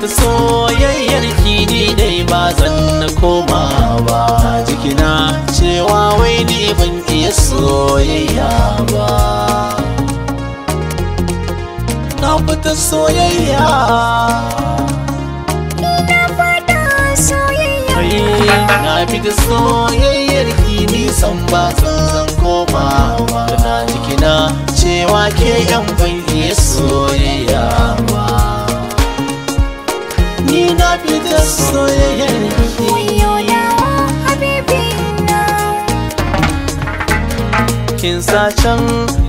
ta soyayyar ki ni dai ba zan na koma ba jikina cewa wai ni ban iya soyayya ba na fita soyayya Na fita soyayyar ki san ba zan koma ba na jikina cewa ke yan ban iya soyayya soyayyar ki wayo dawa kin sa can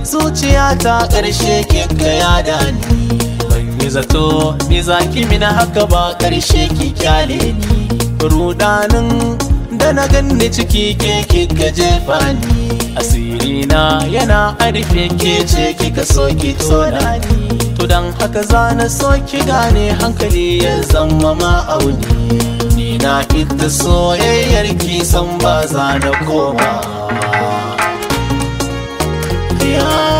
zuciya ta ƙarshe kin kaya da ni ban yi zato ni zaki na haka ba ƙarshe ki kyale ni rudanin da na ganni ciki ke ka jefa ni asirina yana arife ke ce kika so ki tona ni to dan haka zana soki gane hankali ya zama ma auni ni na ita soyayyar ki san ba za na koma yeah.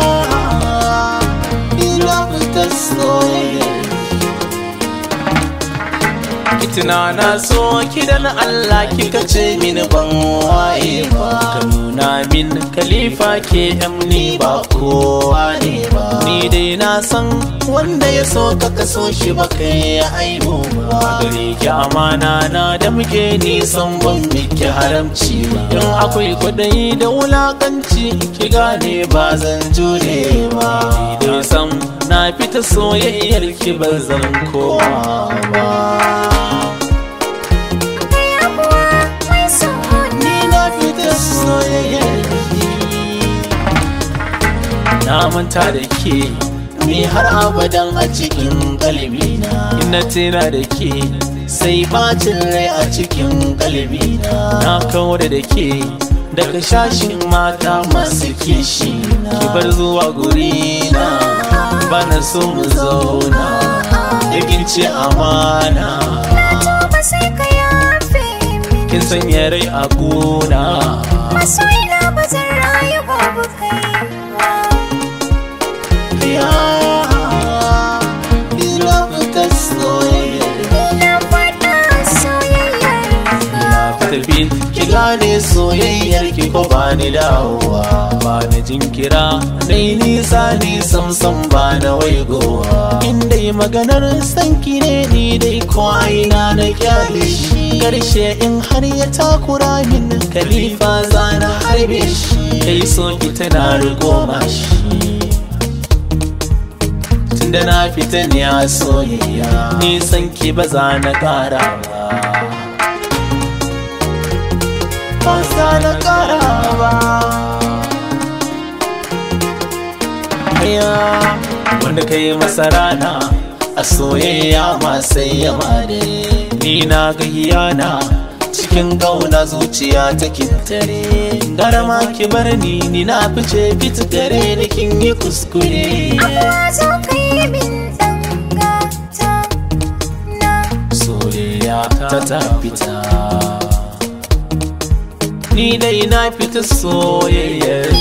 fitina na so kidan Allah kika ce min ban waye ba ka nuna min khalifa ke amni ba kowa ne ba ni dai na san wanda ya so ka kaso shi ba kai ya aibo ba gare ki amana na da muke nisan ban miki haramci ba don akwai kwaɗayi da wulakanci ki gane ba zan jure ba ni dai san na fita soyayyar ki ban zan koma ba na manta da ke ni har abadan a cikin kalbina ina tana da ke sai bacin rai a cikin kalbina na kawo da ke daga shashin mata masu kishi ki bar zuwa guri na bana so mu zauna yakin ce amana na kin sanya rai a gona masoyina ba zan rayu babu kai tafi ki gane soyayyar ki ko bani dawowa ba jinkira dai nisa ni samsam ba na waigowa in dai maganar sanki ne ni dai ko aina na kyale shi karshe in har ya takura min kalifa zana harbe shi kai so ki tana rigo mashi da na fita ne a soyayya nisan ki ba za na kara ba ba za na ya wanda kai masa rana a soyayya ma sai ya mare ni na ga hiyana cikin gauna zuciya ta kintare ma ki bar ni ni na fice fit gare ni kin yi kuskure daya fita ni dai na fita soyayya